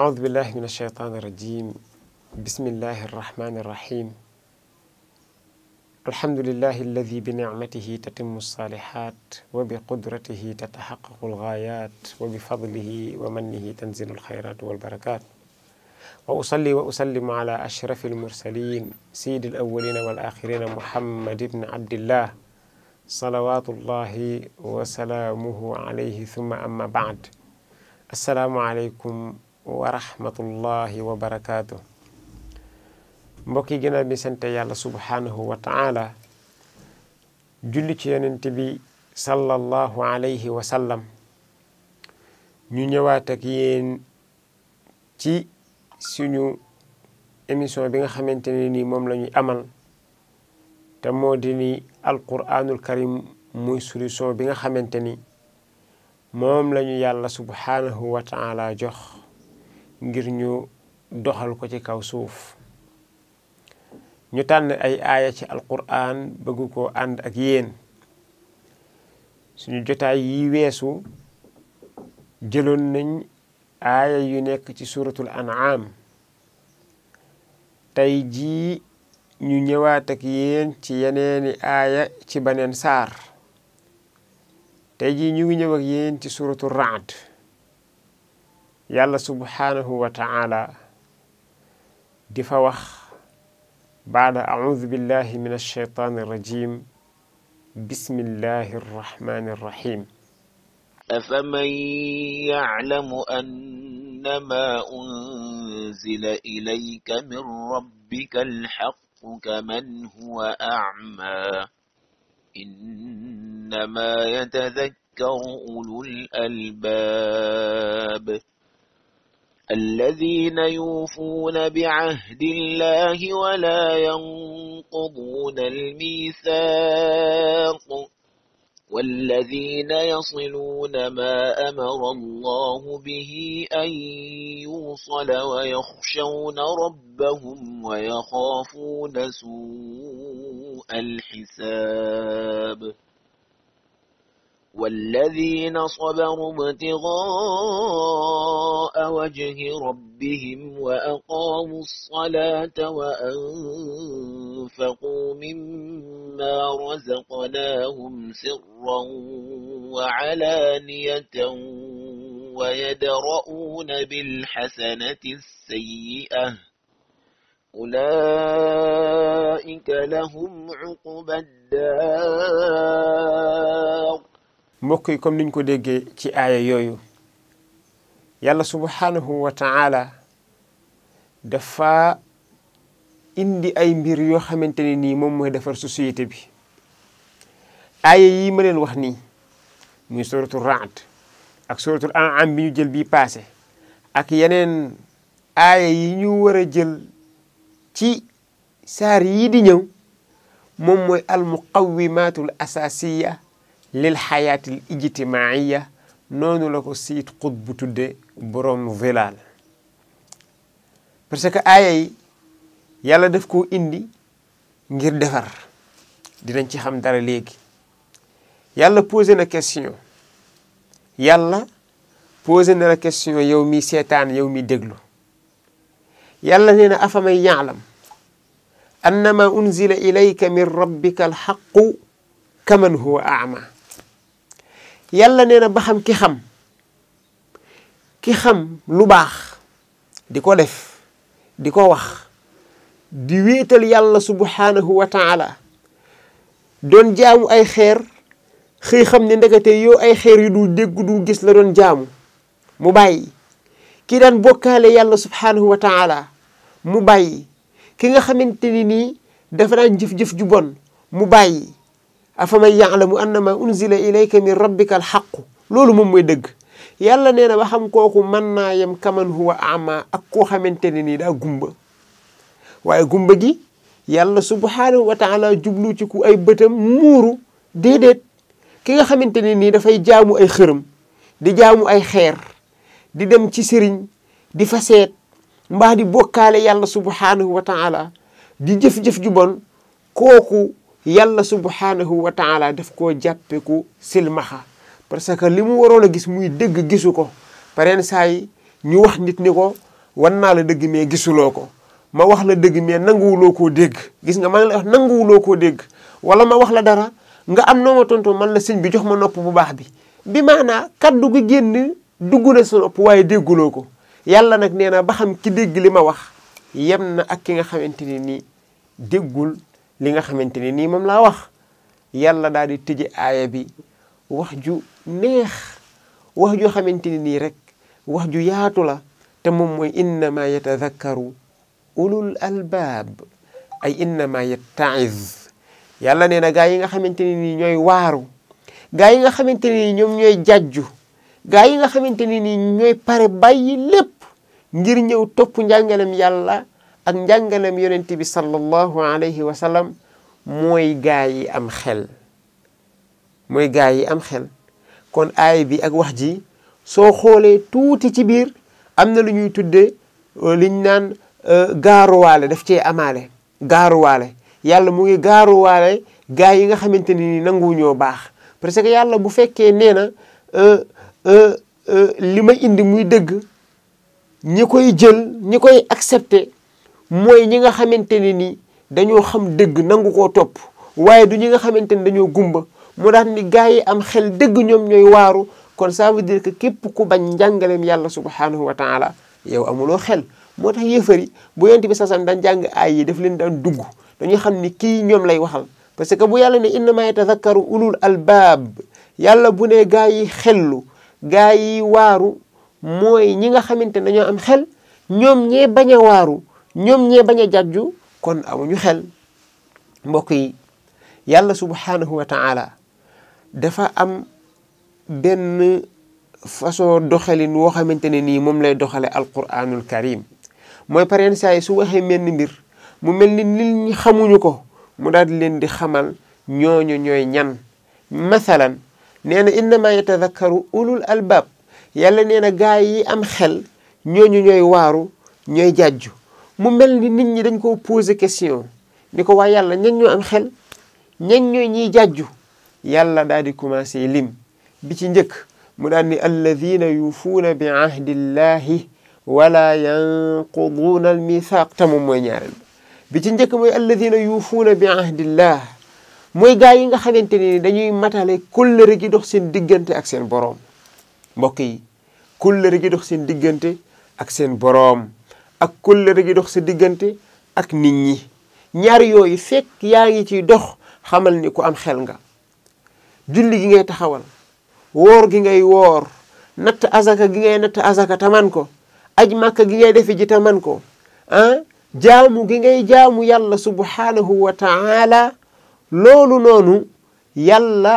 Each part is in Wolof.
أعوذ بالله من الشيطان الرجيم بسم الله الرحمن الرحيم الحمد لله الذي بنعمته تتم الصالحات وبقدرته تتحقق الغايات وبفضله ومنه تنزل الخيرات والبركات وأصلي وأسلم على أشرف المرسلين سيد الأولين والآخرين محمد بن عبد الله صلوات الله وسلامه عليه ثم أما بعد السلام عليكم wa rahmatullahi wa barakaatu mbokk yi ginnaaw bi sante yàlla subhaanahu wa ta'ala julli ci yonent bi sallallahu alayhi wa sallam ñu ñëwaat ak yéen ci suñu émission bi nga xamante ne nii moom lañuy amal te moo di ni alquraanul karim muy solution bi nga xamante ni moom lañu ñu yàlla subhaanahu wa ta'ala jox ngir ñu doxal ko ci kaw suuf ñu tànn ay aaya ci alquran bëgg ko ànd ak yéen suñu jotaay yi weesu jëloon nañ aaya yu nekk ci suuratul an'am tey jii ñu ñëwaat ak yéen ci yeneeni aaya ci beneen saar tey jii ñu ngi ñëw yeen ci suratul raad يالا سبحانه وتعالى دفوخ بعد أعوذ بالله من الشيطان الرجيم بسم الله الرحمن الرحيم أفمن يعلم أنما أنزل إليك من ربك الحق كمن هو أعمى إنما يتذكر أولو الألباب الذين يوفون بعهد الله ولا ينقضون الميثاق والذين يصلون ما أمر الله به أن يوصل ويخشون ربهم ويخافون سوء الحساب والذين صبروا ابتغاء وجه ربهم وأقاموا الصلاة وأنفقوا مما رزقناهم سرا وعلانية ويدرؤون بالحسنة السيئة أولئك لهم عقبى الدار mbokk yi comme niñ ko déggee ci aaya yooyu yàlla subhanahu wa taala dafa indi ay mbir yoo xamante ne nii moom mooy defar société bi aaya yi ma leen wax nii muy suratul Ra'd ak suratul An'am bi jël bii pasé ak yeneen aaya yi ñu war a jël ci saar yii di ñëw moom mooy al muqawimatul asasiya lil xayaatil ijtimaaiya noonu la ko siit xut bu tudde borom velal parce que aaya yi yàlla daf koo indi ngir defar dinañ ci xam dara léegi yàlla posé na question yàlla posé na la question yow mi seetaan yow mi déglu yàlla nee na afamay yaalam annama unzila ilayka min rabbika alxaqu kaman huwa ama Yalla neena baham ba xam ki xam ki xam lu bax diko def diko wax di wetal yalla subhanahu wa taala don jaamu ay xeer xi xam ni ndegate yo ay xeer yu du deg du gis la don jaamu mu bayyi ki dan bokale yalla subhanahu wa taala mu bayyi ki nga xamanteni ni dafa jëf-jëf ju bon mu bayyi afaman ya'lamu annama unzila ilayka min rabbika alhaq loolu mom moy deug yalla neena ba xam koku man na yam kaman huwa ama ak ko xamanteni ni da gumba waye gumba gi yalla subhanahu wa taala jublu ci ku ay beutam muru dedet ki nga xamanteni ni da fay jaamu ay xërëm di jaamu ay xeer di dem ci di faset mbah di bokale yalla subhanahu wa taala di jëf-jëf ju bon koku yàlla subhaanahu wa taala daf koo jàppeku silmaxa parce que li mu waroon a gis muy dëgg gisu ko pareen saa ñu wax nit ni ko wan naa la dëgg mais gisuloo ko ma wax la dëgg mais nanguwuloo koo dégg gis nga man la wax nanguwuloo koo dégg wala ma wax la dara nga am noo ma tontu man la sëñ bi jox ma nopp bu baax bi bi maanaa kaddu gi génn dugg na sa nopp waaye dégguloo ko yàlla nag nee na ba xam ki dégg li ma wax yem na ak ki nga xamante ne nii déggul li nga xamante ne nii moom laa wax yàlla daal di tëje aaya bi wax ju neex wax ju xamante ne nii rek wax ju yaatu la te moom mooy innama yatadakkaru ulul albaab ay innama yattaiz yàlla nee na gaa yi nga xamante ne nii ñooy waaru gaa yi nga xamante ne ñoom ñooy jàjju gaa yi nga xamante ne nii ñooy pare bàyyi lépp ngir ñëw topp njàngalem yàlla ak njàngalem yonent bi sallallahu alayhi wa sallam mooy gaa yi am xel mooy gaa yi am xel kon aay bi ak wax ji soo xoolee tuuti ci biir am na lu ñuy tudde liñ naan gaaruwaale daf cee amaale gaaruwaale yàlla mu ngi gaaruwaale gaa yi nga xamante ne ni nanguwuñoo baax parce que yàlla bu fekkee nee na li ma indi muy dëgg ñi koy jël ñi koy accepté mooy ñi nga xamante ne ni dañoo xam dëgg nangu koo topp waaye du ñi nga xamante ni dañoo gumba mu daan ni gaa yi am xel dëgg ñoom ñooy waaru kon ça veut képp ku bañ njàngaleem yàlla subhanahu wa taala yow amuloo xel moo tax yéefar yi bu yonent bi sasam daan jàng aay def leen daan dugg dañuy xam ni kii ñoom lay waxal parce que bu yàlla ne innama yatazakkaru ulul albaab yàlla bu ne gaa yi xellu gaa yi waaru mooy ñi nga xamante ne dañoo am xel ñoom ñee bañ waaru ñoom ñee bañ a jàjju kon aw ñu xel mbokk yi yàlla subhanahu wa ta'ala dafa am benn façon doxalin woo xamante ne nii moom lay doxale alquranul karim mooy pareen saa yi su waxee mel ni mbir mu mel ni nit xamuñu ko mu daal di leen di xamal ñooñu ñooy ñan masalan nee na innama yatadakkaru ulul albaab yàlla nee na gaay yi am xel ñooñu ñooy waaru ñoy jàjju mu mel ni nit ñi dañ koo poser question ni ko waaye yàlla ñan ñoo am xel ñan ñooy ñiy jàjju yàlla daal di commencé lim bi ci njëkk mu daal ni alladina yuufuuna bi ahdillahi wala yanquduuna almithaq te moom mooy ñaareel bi ci njëkk mooy alladina yuufuuna bi ahdillah mooy gaa yi nga xamante ni dañuy matale kóllëre gi dox seen diggante ak seen borom mbokk yi kóllëre gi dox seen diggante ak seen borom ak kóllëre gi dox sa diggante ak nit ñi ñaar yooyu fekk yaa ngi ciy dox xamal ni ku am xel nga julli gi ngay taxawal woor gi ngay woor natt asaka gi ngay natt azaka taman ko aj maka gi ngay defe ji taman ko ah, jamu gi ngay jaamu yàlla subhanahu wa taala loolu noonu yàlla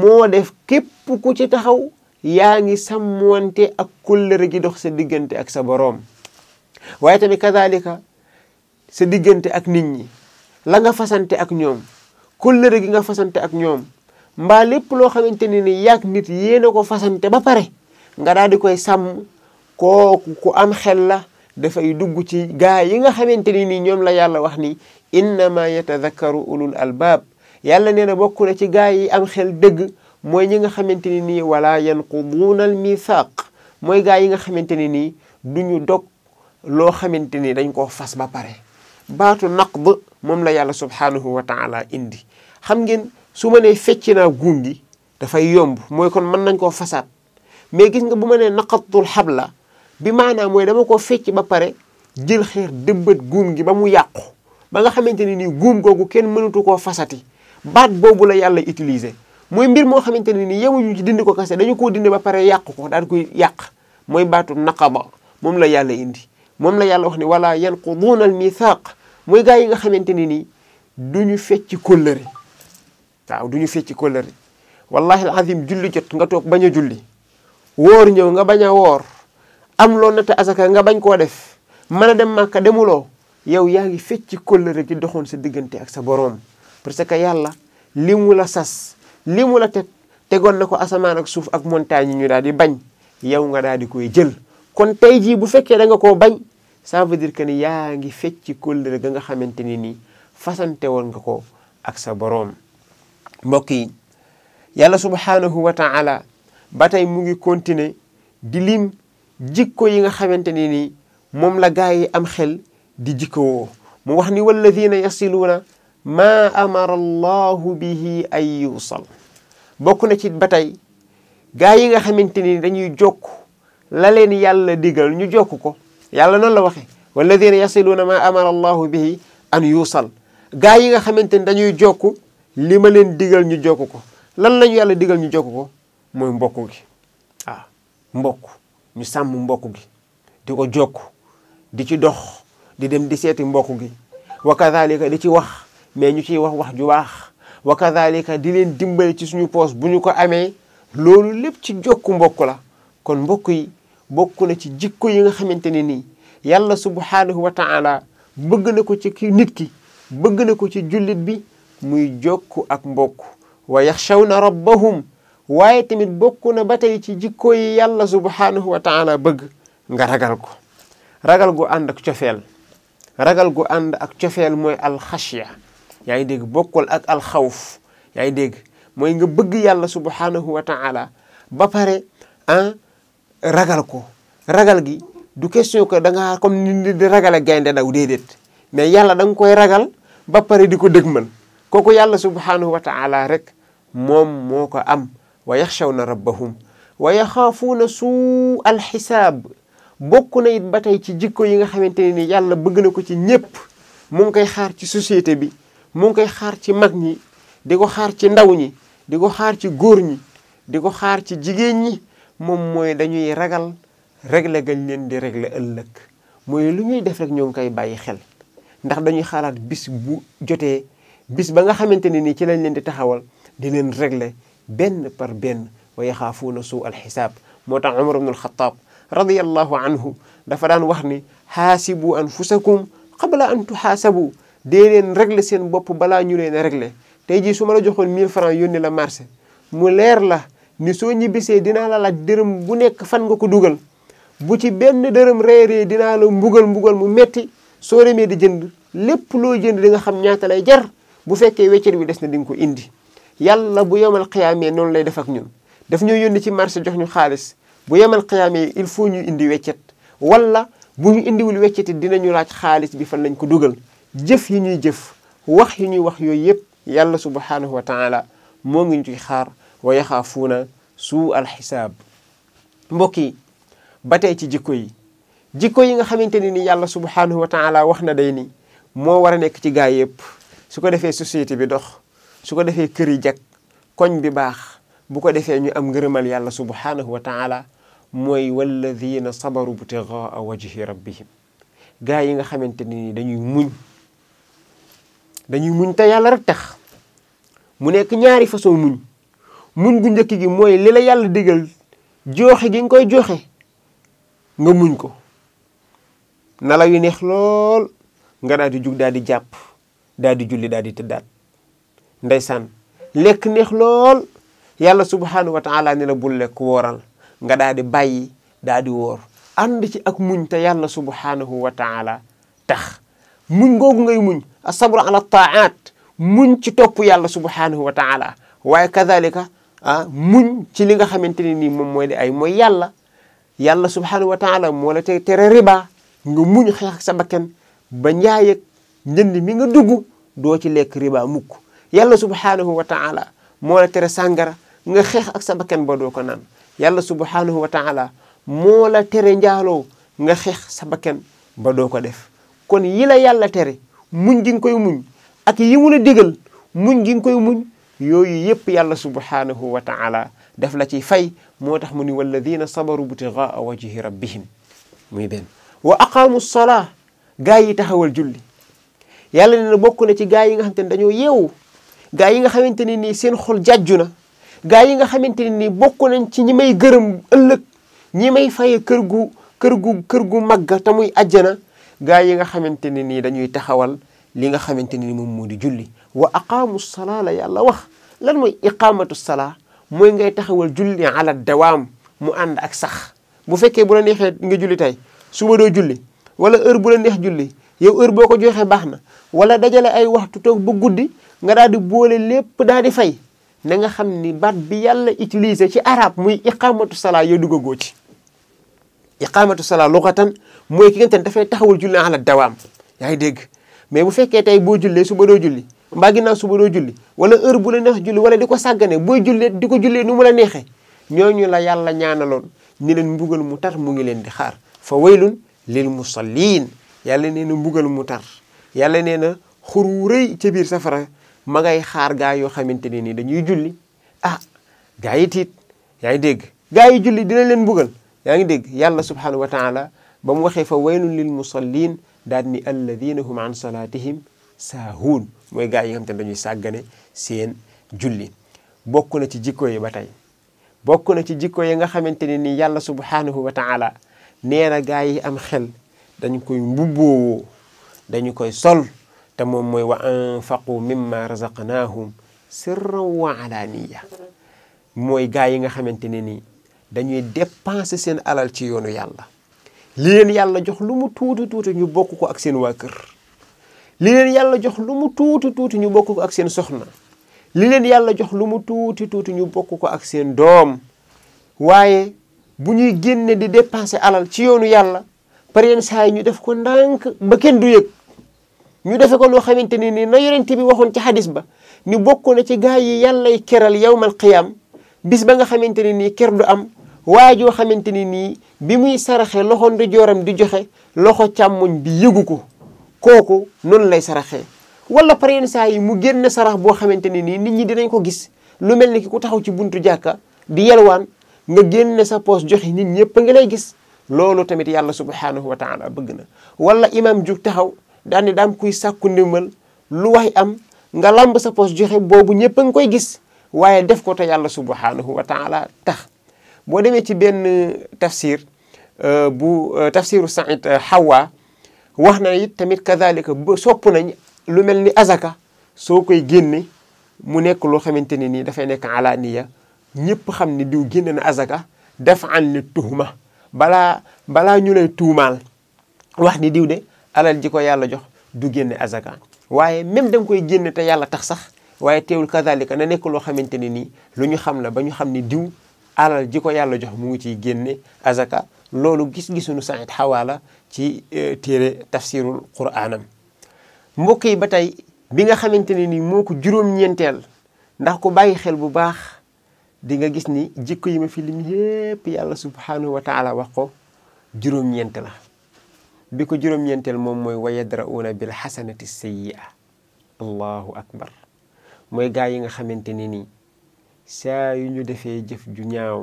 moo def képp ku ci taxaw yaa ngi sàmmante ak kóllëre gi dox sa diggante ak sa boroom waaye tamit kadalika sa diggante ak nit ñi la nga fasante ak ñoom kóllëre gi nga fasante ak ñoom mbaa lépp loo xamante ni ni yàgg nit yéena ko fasante ba pare nga daal di koy sàmm kooku ku am xel la dafay dugg ci gaa yi nga xamante ne ni ñoom la yàlla wax ni innama yatadakkaru ulul albaab yàlla nee na bokk ci gaa yi am xel dëgg mooy ñi nga xamante ni nii wala yanquduuna al mithaq mooy gaa yi nga xamante ni nii duñu dog loo xamante ni dañ koo fas ba pare baatu naqd moom la yàlla subhaanahu wa taala indi xam ngeen su ma nee fecci guum gi dafay yomb mooy kon mën nañ koo fasaat mais gis nga bu ma nee naqatul xabla bi maanaam mooy dama ko fecc ba pare jël xeer dëbbat guum gi ba mu yàqu ba nga xamante ni nii guum googu kenn mënatu koo fasati baat boobu la yàlla utiliser mooy mbir moo xamante ne nii yemuñu ci dindi ko kase dañu koo dindi ba pare yàq ko daal koy yàq mooy baatu naqaba moom la yàlla indi mom la yalla wax ni wala yanquduuna al mithaq moy gaa yi nga xamanteni ni duñu fecc kóllëre taw duñu fecc kóllëre wallahi al azim julli jot nga tok baña julli wor ñew nga baña wor am asaka nga bañ ko def mana dem makka demulo yow yaangi fecc kóllëre ci doxon sa diggante ak sa borom parce que yalla limu la sas limu la teg tegon nako asaman ak suuf ak montagne ñu daal di bañ yow nga daal di koy jël kon tey jii bu fekkee da nga koo bañ sa veut dire que ni yaa ngi fecci kóllëre ga nga xamante ni nii fasante woon nga ko ak sa boroom mbokk yi yàlla subhaanahu wa taala ba tey mu ngi continuer di lim jikko yi nga xamante ni nii moom la gaa yi am xel di jikkowoo mu wax ni walladina yasiluuna maa amara allahu bihi ay yuusal bokk na ci ba tey gaa yi nga xamante ni dañuy jokk la leen yàlla digal ñu jokk ko yàlla noonu la waxee walladina yasiluuna ma amara allahu bihi an yuusal gaa yi nga xamante ni dañuy jokk li ma leen digal ñu jokk ko lan lañu yàlla digal ñu jokk ko mooy mbokk gi waaw ah. mbokk ñu sàmm mbokku gi di ko jokk di ci dox di dem di seeti mbokku gi wa di ci wax mais ñu ciy wax wax ju baax wa di leen dimbali ci suñu poos bu ñu ko amee loolu lépp ci jokku mbokk la kon mbokk yi bokk na ci jikko yi nga xamante ne nii yàlla subhaanahu wa ta'ala bëgg na ko ci nit ki bëgg na ko ci jullit bi muy jokk ak mbokk wa yaxshawna rabbahum waaye tamit bokk na ba tey ci jikko yi yàlla subhaanahu wa ta'ala bëgg nga ragal ko ragal gu ànd ak cofeel ragal gu ànd ak cofeel mooy alxasya yaa ngi dégg bokkul ak alxawf yaa ngi dégg mooy nga bëgg yàlla subhaanahu wa ta'ala ba pare ah ragal ko ragal gi du question que danga ngaa comme ni di ragale gaynde daw déedéet mais yàlla da koy ragal ba pare di ko dëgmal kooku yàlla subhanahu wa taala rek moom moo ko am wa yaxshawna rabbahum wa yaxaafuuna suu alxisaab bokk na it ba tey ci jikko yi nga xamante ne ni yàlla bëgg na ko ci ñépp mu koy xaar ci société bi mu koy xaar ci mag ñi di ko xaar ci ndaw ñi di ko xaar ci góor ñi moom mooy dañuy ragal régler gañ leen di régler ëllëg mooy lu ñuy def rek ñoo ngi koy bàyyi xel ndax dañuy xalaat bis bu jotee bis ba nga xamante ne nii ci lañ leen di taxawal di leen régler benn par benn wa yaxaafuuna suu alxisaab moo tax umar ibnul xataab radiallahu anhu dafa daan wax ni xaasibu anfusakum qabla an tuxaasabu dee leen régler seen bopp balaa ñu leen a régler tey jii su ma la joxoon 1000 francs yónni la marché mu leer la ni soo ñibbisee dinaa la laaj dërëm bu nekk fan nga ko dugal bu ci benn dërëm réeree dinaa la mbugal mbugal mu metti soo demee di jënd lépp loo jënd di nga xam ñaata lay jar bu fekkee weccet bi des na di ko indi yàlla bu yemal xiyaamee noonu lay def ak ñun daf ñoo yónni ci marché jox ñu xaalis bu yemal xiyaamee il faut ñu indi weccet wala bu ñu indiwul weccet it dinañu laaj xaalis bi fan lañ ko dugal jëf yi ñuy jëf wax yi ñuy wax yooyu yëpp yàlla subhanahu wa taala moo ngi ñu ciy xaar wa yaxaafuuna su alxisaab mbokk yi ba tey ci jikko yi jikko yi nga xamante ni ni yàlla subhaanahu wa taala wax na day ni moo war a nekk ci gaa yëpp su ko defee société bi dox su ko defee kër yi jag koñ bi baax bu ko defee ñu am ngërëmal yàlla subhaanahu wa taala mooy walladina sabaru btigaa wajhi rabbihim gaa yi nga xamante ne ni dañuy muñ dañuy muñ te yàlla rek tax mu nekk ñaari façon muñ muñ gu ñëk gi moy li la yàlla digal joxe gi ngoy joxe nga muñ ko nala yu neex lool nga daal di jug daal di japp daal di julli daal di tëddaat ndaysan lek neex lool yalla subhanahu wa taala ne la bul lek woral nga daal di bayyi daal di wor and ci ak muñ ta yalla subhanahu wa taala tax muñ gogu ngay muñ asabru ala taat muñ ci top yalla subhanahu wa taala waye kadhalika ah muñ ci li nga xamante ne nii moom mooy di ay mooy yàlla yàlla subhanahu wa taala moo la tey tere riba nga muñ xeex ak sa bakken ba njaay njënd mi nga dugg doo ci lekk riba mukk yàlla subhanahu wa taala moo la tere sàngara nga xeex ak sa bakken ba doo ko naan yàlla subhanahu wa taala moo la tere njaaloo nga xeex sa bakken ba doo ko def kon yi la tere muñ gi koy muñ ak yi la digal muñ gi koy muñ yooyu yëpp yàlla subhanahu wa ta'ala daf la ci fay moo tax mu ni walladina sabaru butigaa wajhi rabbihim muy benn wa aqaamu sola gaa yi taxawal julli yàlla ne na bokk na ci gaa yi nga xamante ne dañoo yeewu gaa yi nga xamante ne nii seen xol jàjju na gaa yi nga xamante ne nii bokk nañ ci ñi may gërëm ëllëg ñi may faye kër gu kër gu kër gu màgg te muy àjjana gaa yi nga xamante ne nii dañuy taxawal li nga xamante ne ni moom moo di julli wa aqaamu salaa la yàlla wax lan mooy iqaamatu salaa mooy ngay taxawal julli ala dawaam mu ànd ak sax bu fekkee bu la neexee nga julli tey suba doo julli wala heure bu la neex julli yow heure boo ko joxee baax na wala dajale ay waxtu toog ba guddi nga daal di boole lépp daal di fay na nga xam ni baat bi yàlla utilisé ci arab muy iqaamatu salaa yow duggagoo ci iqaamatu salaa luxatan mooy ki nga xam ne dafay taxawal julli ala yaa ngi dégg mais bu fekkee tey boo jullee suba doo julli mbaa ginnaaw suba doo julli wala heure bu la neex julli wala di ko sàggane booy jullee di ko jullee nu mu la neexee ñooñu la yàlla ñaanaloon ni leen mbugal mu tar mu ngi leen di xaar fa waylun lil musalliin yàlla nee na mbugal mu tar yàlla nee na xur wu rëy ca biir safara ma ngay xaar gaa yoo xamante ne ni dañuy julli ah gaa yi tiit yaa ngi dégg gaa yi julli dina leen mbugal yaa ngi dégg yàlla subhanahu wa taala ba mu waxee fa waylun lil musalliin daal ni alladina hum an salaatihim saahuun mooy gaa yi nga xam te dañuy sàggane seen julli bokk ci jikko yi ba tey bokk na ci jikko yi nga xamante ne ni yàlla subhaanahu wa taala nee na gaa yi am xel dañ koy mbubboowoo dañu koy sol te moom mooy wa anfaqu mimma razaqnaahum sirran wa alaaniya mooy gaa yi nga xamante ne ni dañuy dépenser seen alal ci yoonu yàlla leen yalla jox lu mu tuuti tuuti ñu bokk ko ak seen waa kër li leen yàlla jox lu mu tuuti tuuti ñu bokk ko ak seen soxna li leen yàlla jox lu mu tuuti tuuti ñu bokk ko ak seen doom waaye bu ñuy génne di dépenser alal ci yoonu yàlla par yenn saa yi ñu def ko ndànk ba kenn du yëg ñu defe ko loo xamante ni ni na yonente bi waxoon ci xadis ba ni bokk na ci gaa yi yàllay keral yawmal qiyam bis ba nga xamante ni ker du am waa joo xamante ni nii bi muy saraxe loxo ndijooram di joxe loxo càmmoñ bi yëgu ko kooku noonu lay saraxee wala par yenn saa yi mu génn sarax boo xamante ni nii nit ñi dinañ ko gis lu mel ni ki ku taxaw ci buntu jàkka di yelwaan nga génn sa poos joxe nit ñëpp nga lay gis loolu tamit yàlla subhanahu wa taala bëgg na wala imam ju taxaw daane daam kuy sàkku ndimbal lu wax am nga lamb sa poos joxe boobu ñëpp a nga koy gis waaye def ko te yàlla subhanahu wa taala tax boo demee ci benn euh, tafsir euh, bu euh, tafsiru Saïd Hawa wax na it tamit kazalika ba sopp nañ lu mel ni azaka soo koy génne mu nekk loo xamante ne nii dafay nekk alaaniya ñëpp xam ne diw génne na azaka def an tuhuma balaa balaa ñu lay tuumaal wax ni diw de alal ji ko yàlla jox du génne azaka waaye même da koy génne te yàlla tax sax waaye teewul kazalika na nekk loo xamante ne nii lu ñu xam la ba ñu xam ne diw alal ji ko yàlla jox mu ngi ci génne azaka loolu gis-gisunu Saïd Hawaala ci euh, téere tafsirul quraanam mbokk yi ba tey bi nga xamante ne ni moo ko juróom-ñeenteel ndax ku bàyyi xel bu baax di nga gis ni jikko yi ma fi lim yépp yàlla subhaanahu wa taala wax ko juróom-ñeent la bi ko juróom-ñeenteel moom mooy wa yadra'uuna bil xasanati sayyi'a allahu akbar mooy gaa yi nga xamante ni nii saa yu ñu defee jëf ju ñaaw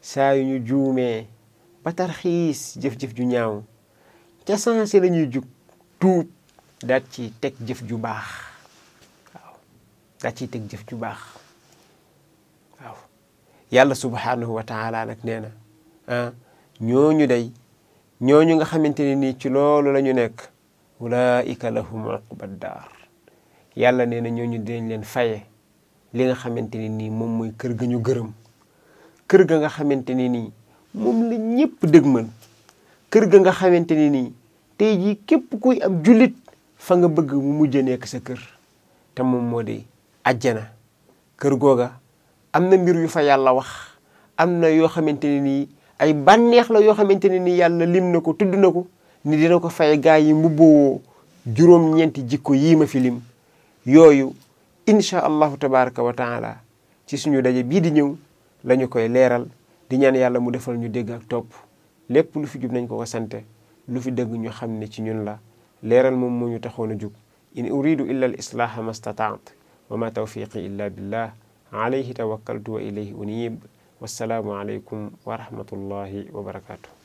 saa yu ñu juumee ba tarxiis jëf-jëf ju ñaaw ca sensé la ñuy jug tuub daat ci teg jëf ju baax waaw daat ciy teg jëf ju baax waaw yàlla subhaanahu wa nag nee na ah ñooñu day ñooñu nga xamante ne nii ci loolu la ñu nekk ulaika lahum uqbad daar yàlla nee na ñooñu dinañ leen faye li nga xamanteni ni mom moy kër ga ñu gëreum kër ga nga xamanteni ni mom moom la ñëpp dëgmal kër ga nga xamanteni ni tay ji jii képp kuy am julit fa nga bëgg mu mujjé nek sa kër té mom modi aljana kër goga amna mbir yu fa yalla wax amna yo xamanteni ni ay banex la yo xamanteni ni yalla lim nako tudd ni dina ko fay gaay yi mbubboo juroom ñenti jikko yi ma fi lim yoyu incha allahu tabaraka wa ci suñu daje bii di ñëw lañu koy leeral di ñaan yàlla mu defal ñu dégg ak topp lépp lu fi jub nañ ko ko lu fi dëgg ñu xam ne ci ñun la leeral moom mu ñu taxoon a jug in uridu illa al islaaha mastataat wa ma tawfiqi illa billah alayhi tawakkaltu wa ilayhi unib wassalaamu aleykum wa rahmatullahi wa barakatuh